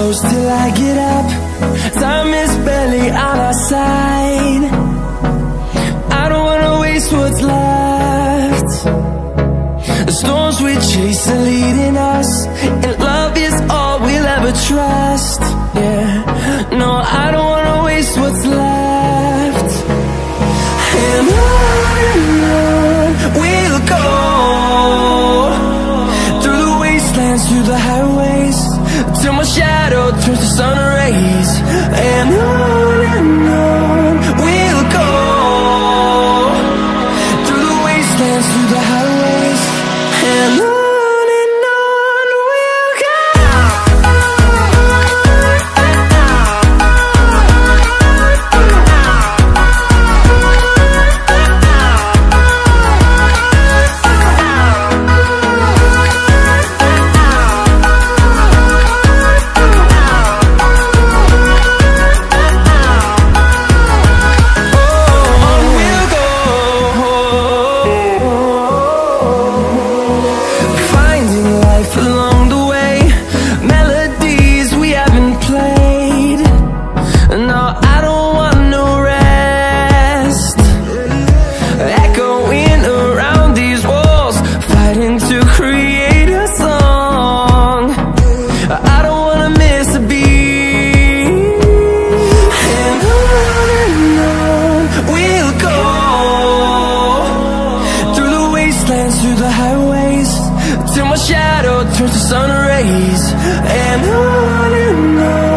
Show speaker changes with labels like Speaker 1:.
Speaker 1: close till I get up Time is barely on our side I don't wanna waste what's left The storms we chase are leading us And love is all we'll ever trust Yeah, no, I don't wanna waste what's left And on and on we'll go Through the wastelands, through the highways Till my shadow turns to sun rays runs through the highways Till my shadow turns to sun rays And on and on